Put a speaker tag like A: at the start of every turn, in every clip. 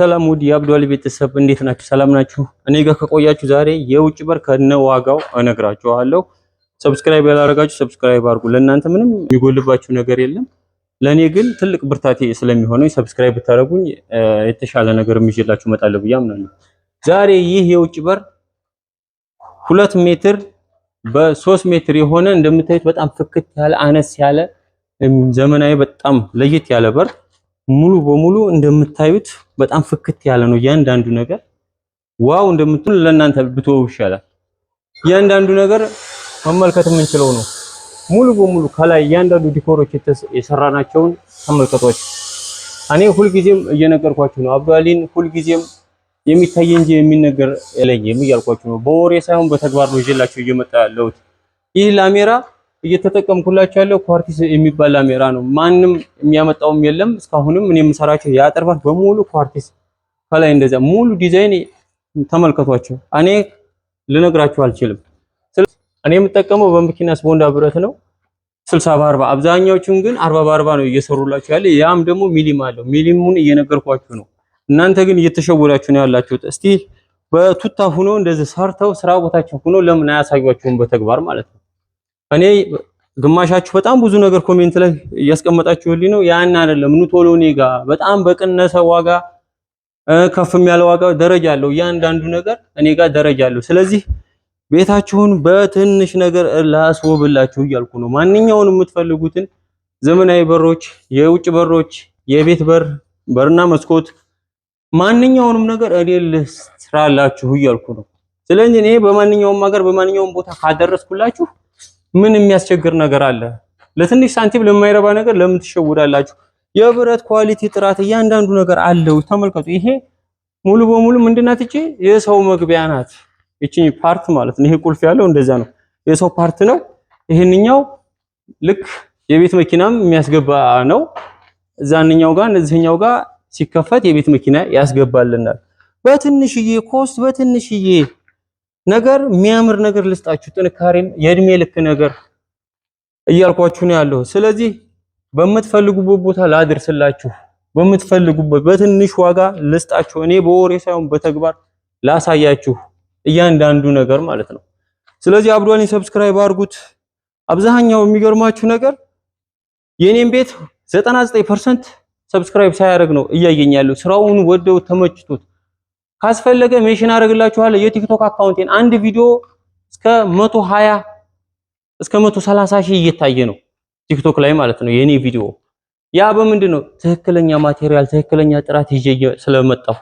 A: ሰላም ውድ የአብዱ አሊ ቤተሰብ እንዴት ናችሁ? ሰላም ናችሁ? እኔ ጋር ከቆያችሁ ዛሬ የውጭ በር ከነ ዋጋው እነግራችኋለሁ። ሰብስክራይብ ያላረጋችሁ ሰብስክራይብ አድርጉ። ለእናንተ ምንም የሚጎልባችሁ ነገር የለም። ለእኔ ግን ትልቅ ብርታቴ ስለሚሆነኝ ሰብስክራይብ ብታደረጉኝ የተሻለ ነገር የሚይዤላችሁ እመጣለሁ ብዬ አምናለሁ። ዛሬ ይህ የውጭ በር ሁለት ሜትር በሶስት ሜትር የሆነ እንደምታዩት በጣም ፍክት ያለ አነስ ያለ ዘመናዊ በጣም ለየት ያለ በር ሙሉ በሙሉ እንደምታዩት በጣም ፍክት ያለ ነው። እያንዳንዱ ነገር ዋው እንደምትሉ ለእናንተ ብትወው ይሻላል። እያንዳንዱ ነገር መመልከት የምንችለው ነው። ሙሉ በሙሉ ከላይ እያንዳንዱ ዲኮሮች የሰራናቸውን ተመልከቷቸው። እኔ ሁልጊዜም እየነገርኳችሁ ነው። አብዱአሊን ሁልጊዜም የሚታይ እንጂ የሚነገር የለኝም እያልኳችሁ ነው። በወሬ ሳይሆን በተግባር ነው ይዤላችሁ እየመጣ ያለሁት ይህ ላሜራ እየተጠቀምኩላቸው ያለው ኳርቲዝ የሚባል ላሜራ ነው። ማንም የሚያመጣውም የለም እስካሁንም እኔ የምሰራቸው የአጠርባት በሙሉ ኳርቲስ ከላይ እንደዛ ሙሉ ዲዛይን ተመልከቷቸው። እኔ ልነግራችሁ አልችልም። እኔ የምጠቀመው በመኪናስ ቦንዳ ብረት ነው 60 በ40 አብዛኛዎቹን ግን 40 በ40 ነው እየሰሩላችሁ ያለ። ያም ደግሞ ሚሊም አለው። ሚሊሙን እየነገርኳችሁ ነው። እናንተ ግን እየተሸወዳችሁ ነው ያላችሁት። እስቲ በቱታ ሁኖ እንደዚህ ሰርተው ስራ ቦታቸው ሁኖ ለምን አያሳዩአችሁም? በተግባር ማለት ነው። እኔ ግማሻችሁ በጣም ብዙ ነገር ኮሜንት ላይ እያስቀመጣችሁልኝ ነው። ያን አይደለም ኑ ቶሎ እኔ ጋ በጣም በቅነሰ ዋጋ ከፍም ያለ ዋጋ ደረጃ አለው። እያንዳንዱ ነገር እኔ ጋር ደረጃ አለው። ስለዚህ ቤታችሁን በትንሽ ነገር ላስወብላችሁ እያልኩ ነው። ማንኛውን የምትፈልጉትን ዘመናዊ በሮች፣ የውጭ በሮች፣ የቤት በር በርና መስኮት ማንኛውንም ነገር እኔ ልስራላችሁ እያልኩ ነው። ስለዚህ እኔ በማንኛውም ሀገር በማንኛውም ቦታ ካደረስኩላችሁ ምን የሚያስቸግር ነገር አለ? ለትንሽ ሳንቲም ለማይረባ ነገር ለምን ትሸውዳላችሁ? የብረት ኳሊቲ ጥራት እያንዳንዱ ነገር አለው። ተመልከቱ። ይሄ ሙሉ በሙሉ ምንድናት? እቺ የሰው መግቢያ ናት። እቺ ፓርት ማለት ነው። ይሄ ቁልፍ ያለው እንደዛ ነው፣ የሰው ፓርት ነው። ይሄንኛው ልክ የቤት መኪናም የሚያስገባ ነው። እዛንኛው ጋር እዚህኛው ጋር ሲከፈት የቤት መኪና ያስገባልናል። በትንሽዬ ኮስት በትንሽዬ ነገር የሚያምር ነገር ልስጣችሁ፣ ጥንካሬም የእድሜ ልክ ነገር እያልኳችሁ ነው ያለው። ስለዚህ በምትፈልጉበት ቦታ ላድርስላችሁ፣ በምትፈልጉበት በትንሽ ዋጋ ልስጣችሁ። እኔ በወሬ ሳይሆን በተግባር ላሳያችሁ እያንዳንዱ ነገር ማለት ነው። ስለዚህ አብዷኒ ሰብስክራይብ አድርጉት። አብዛኛው የሚገርማችሁ ነገር የኔን ቤት 99% ሰብስክራይብ ሳያደርግ ነው እያየኛለሁ። ስራውን ወደው ተመችቶት ካስፈለገ ሜሽን አደርግላችኋለሁ የቲክቶክ አካውንቴን። አንድ ቪዲዮ እስከ 120 እስከ 130 ሺህ እየታየ ነው ቲክቶክ ላይ ማለት ነው የኔ ቪዲዮ። ያ በምንድን ነው? ትክክለኛ ማቴሪያል ትክክለኛ ጥራት ይዤ ስለመጣሁ።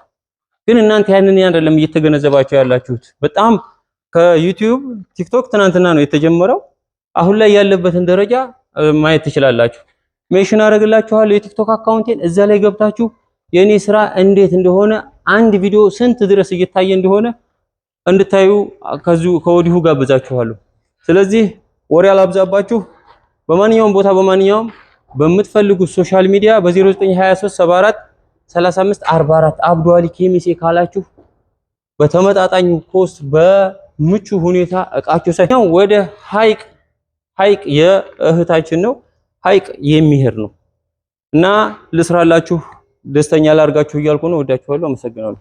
A: ግን እናንተ ያንን አይደለም እየተገነዘባችሁ ያላችሁት። በጣም ከዩቲዩብ ቲክቶክ ትናንትና ነው የተጀመረው። አሁን ላይ ያለበትን ደረጃ ማየት ትችላላችሁ። ሜሽን አደርግላችኋለሁ የቲክቶክ አካውንቴን እዛ ላይ ገብታችሁ የኔ ስራ እንዴት እንደሆነ አንድ ቪዲዮ ስንት ድረስ እየታየ እንደሆነ እንድታዩ ከዚሁ ከወዲሁ ጋብዛችኋለሁ። ስለዚህ ወሬ አላብዛባችሁ። በማንኛውም ቦታ በማንኛውም በምትፈልጉት ሶሻል ሚዲያ በ092374 አብዱ አሊ ኬሚሴ ካላችሁ በተመጣጣኝ ኮስት በምቹ ሁኔታ እቃችሁ ሳይሆን ወደ ሀይቅ ሀይቅ የእህታችን ነው ሀይቅ የሚሄድ ነው እና ልስራላችሁ ደስተኛ ላርጋችሁ እያልኩ ነው። ወዳችኋለሁ። አመሰግናለሁ።